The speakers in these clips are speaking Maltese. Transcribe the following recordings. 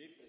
Grazie.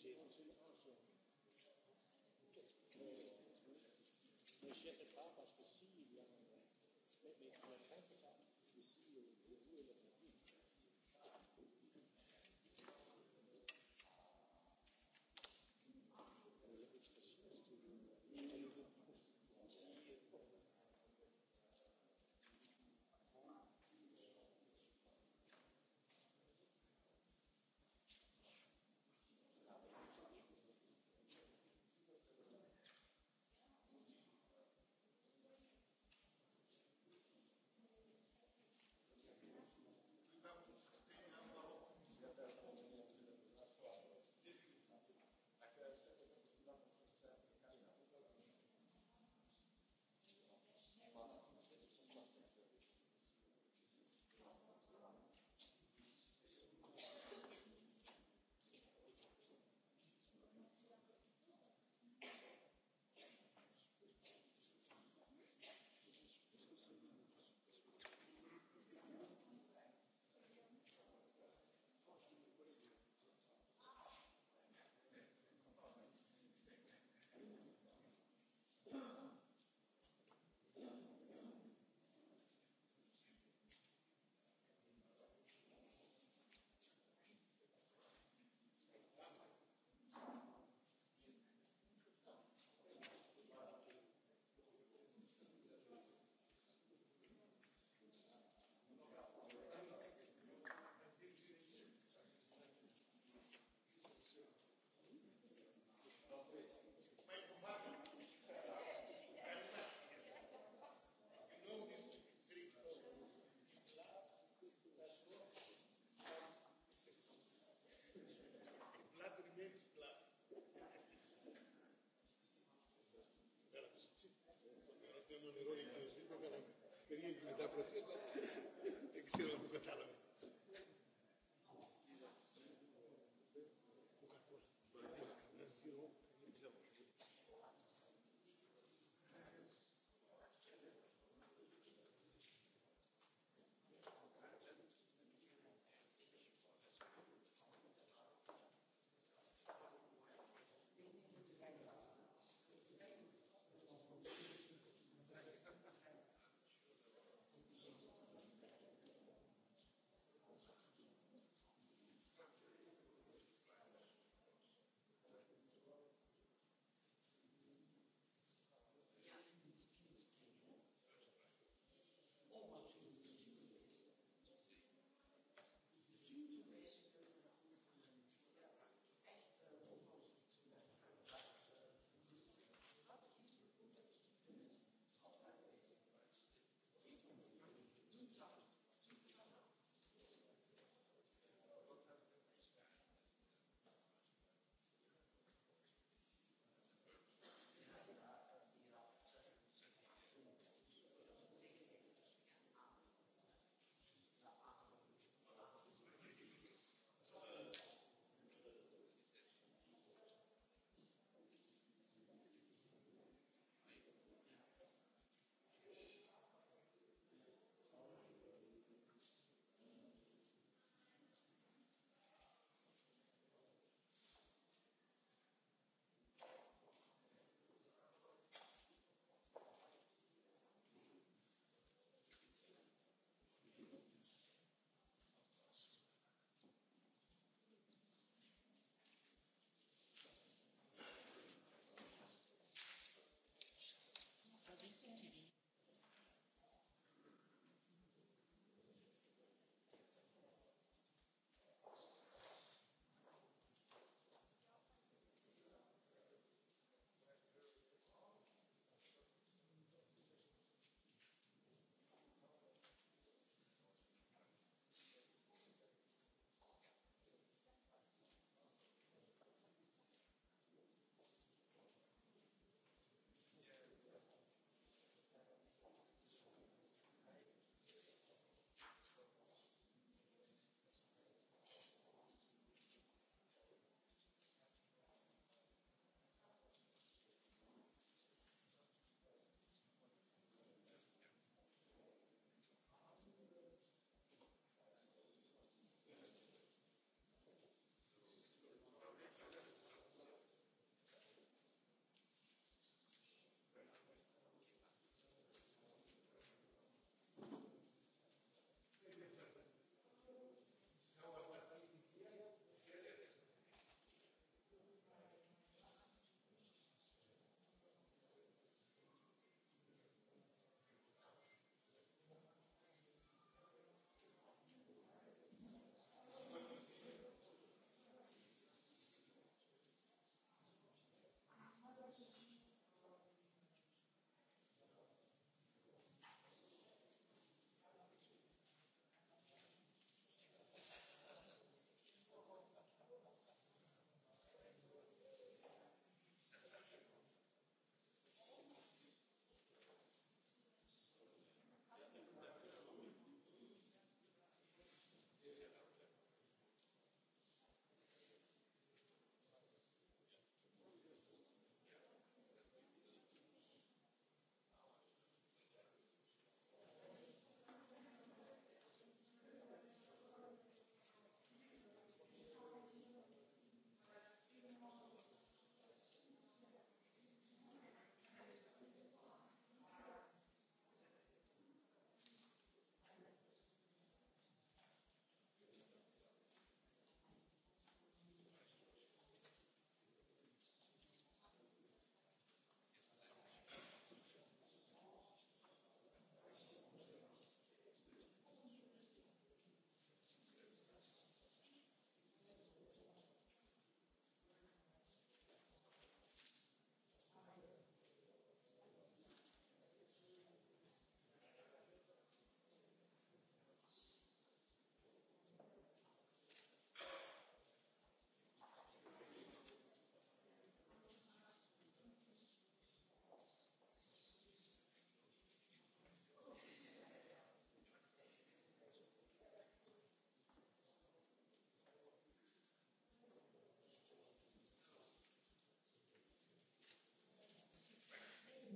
Thank you. Ironiku, jisibu għalam, jirijiet li da' prasjeta, jisiru għu għatalam.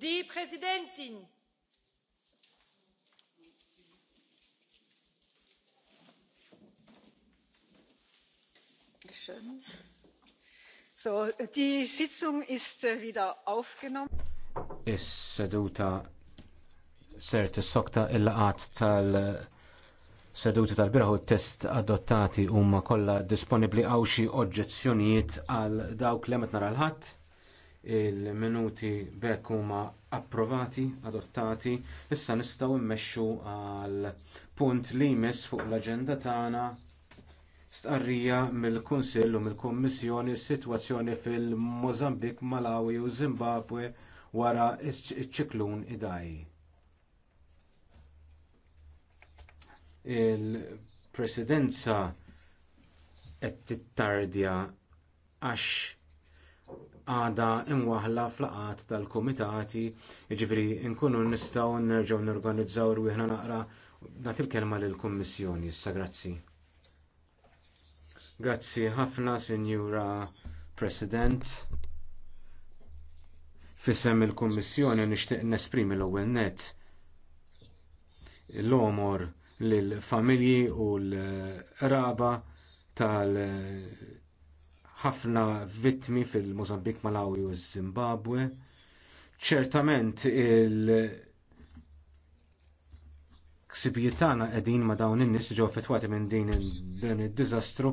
die präsidentin! So, die sitzung ist äh, wieder aufgenommen. is-seduta ser tissokta il laqat tal-seduti tal äh, birħu test adottati huma kollha disponibbli hawn xi oġġezzjonijiet għal dawk li qed nara l-ħadd il-minuti bekk huma approvati, adottati, issa nistgħu immexxu għal punt li jmiss fuq l-aġenda tagħna stqarrija mill-Kunsill u mill-Kummissjoni s-sitwazzjoni fil-Mozambik, Malawi u Zimbabwe wara ċ-ċiklun Idaj. Il-presidenza qed tittardja għax għada imwaħla fl-qat tal-kumitati, jiġifieri nkunu nistgħu nerġgħu norganizzaw rwieħna naqra nagħti l-kelma lill-Kummissjoni issa grazzi. Grazzi ħafna, Sinjura President. Fisem il-Kummissjoni nixtieq nesprimi l-ewwel nett l-omor lill familji u l-raba tal- ħafna vittmi fil-Mozambik, Malawi u Zimbabwe. Ċertament il- ksibijiet tagħna qegħdin ma' dawn in-nies ġew affettwati minn din dan id-diżastru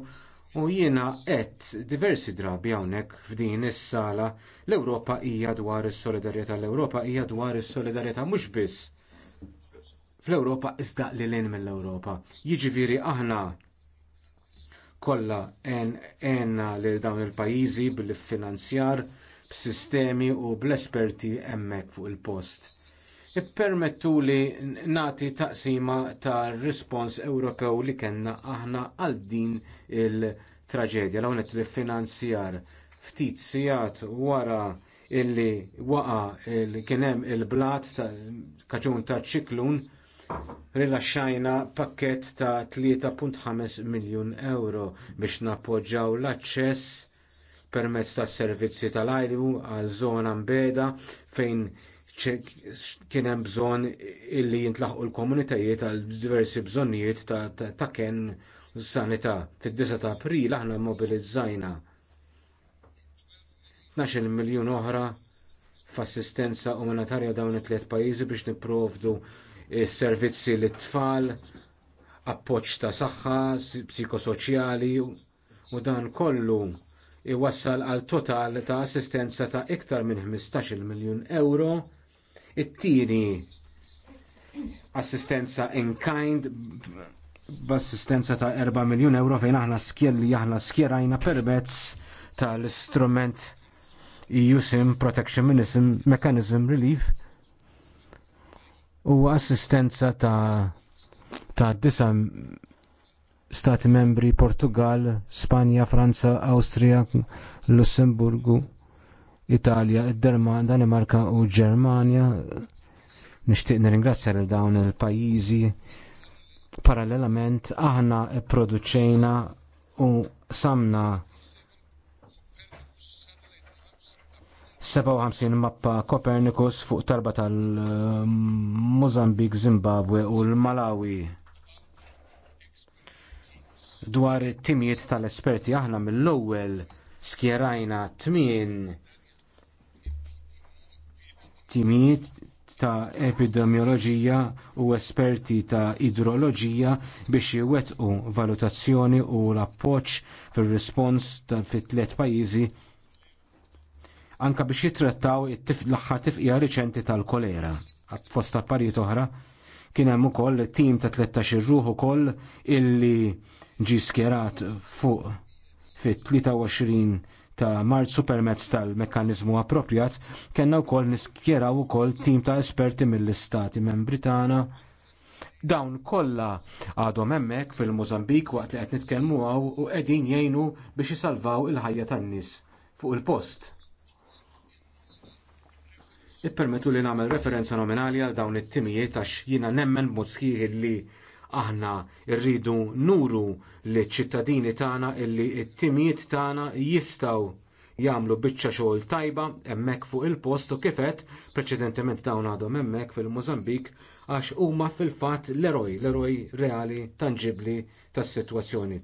u jiena għedt diversi drabi hawnhekk f'din is-sala l-Ewropa hija dwar is-solidarjetà, l-Ewropa hija dwar is-solidarjetà mhux biss fl-Ewropa iżda lil hinn mill-Ewropa. Jiġifieri aħna kollha għenna lil dawn il-pajjiżi bil-finanzjar b'sistemi u bl-esperti hemmhekk fuq il-post. Ippermettuli nagħti taqsima ta' rispons Ewropew li kellna aħna għal din il-traġedja l qed il-finanzjar ftit sigħat wara illi waqa il kien hemm il-blat kaġun ta' ċiklun rilaxxajna pakkett ta' 3.5 miljun euro biex nappoġġjaw l-aċċess permezz tas servizzi tal-ajru għal żona mbeda fejn kien hemm bżonn illi jintlaħqu l-komunitajiet għal diversi bżonnijiet ta', ta, ta s sanità. Fid-9 ta' April aħna mobilizzajna 12 miljun oħra f'assistenza umanitarja dawn it-tliet pajjiżi biex nipprovdu servizzi l tfal appoġġ ta' saħħa, psikosoċjali u dan kollu iwassal għal total ta' assistenza ta' iktar minn 15 miljun euro. It-tieni assistenza in kind b'assistenza ta' 4 miljun euro fejn aħna skjer li aħna skjerajna permezz tal-istrument jusim Protection Mechanism Relief u assistenza ta' ta' disa stati membri Portugal, Spanja, Franza, Awstrija, Lussemburgu, Italja, Danimarka u Ġermanja. Nixtieq nirringrazzja lil dawn il-pajjiżi. Parallelament aħna pproduċejna u samna 57 mappa Copernicus fuq tarba tal-Mozambik, Zimbabwe u l-Malawi. Dwar it-timijiet tal-esperti aħna mill-ewwel skjerajna tmien timijiet ta' epidemioloġija u esperti ta' idroloġija biex iwettqu valutazzjoni u l-appoġġ fir-rispons ta' fit tliet pajjiżi anka biex jitrattaw l-aħħar tifqija riċenti tal-kolera. Fost affarijiet oħra, kien hemm ukoll tim ta' 13 ruħ ukoll illi ġi skjerat fuq fit-23 ta' Marzu permezz tal-mekkanizmu appropjat, kellna wkoll niskjeraw ukoll tim ta' esperti mill-istati membri tagħna dawn kollha għadhom hemmhekk fil-Mozambik waqt li qed nitkellmu għaw u qegħdin jgħinu biex isalvaw il-ħajja tan-nies fuq il-post. Ippermettu li nagħmel referenza nominali għal dawn it-timijiet għax jiena nemmen b'mod sħiħ li aħna rridu nuru li ċittadini tagħna illi t-timijiet tagħna jistgħu jagħmlu biċċa xogħol tajba hemmhekk fuq il-post u kifet preċedentement dawn għadhom hemmhekk fil-Mozambik għax huma fil-fatt l-eroj, l-eroj reali tangibbli tas-sitwazzjoni.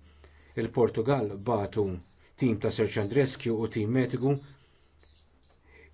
Il-Portugal batu tim ta' search and rescue u tim mediku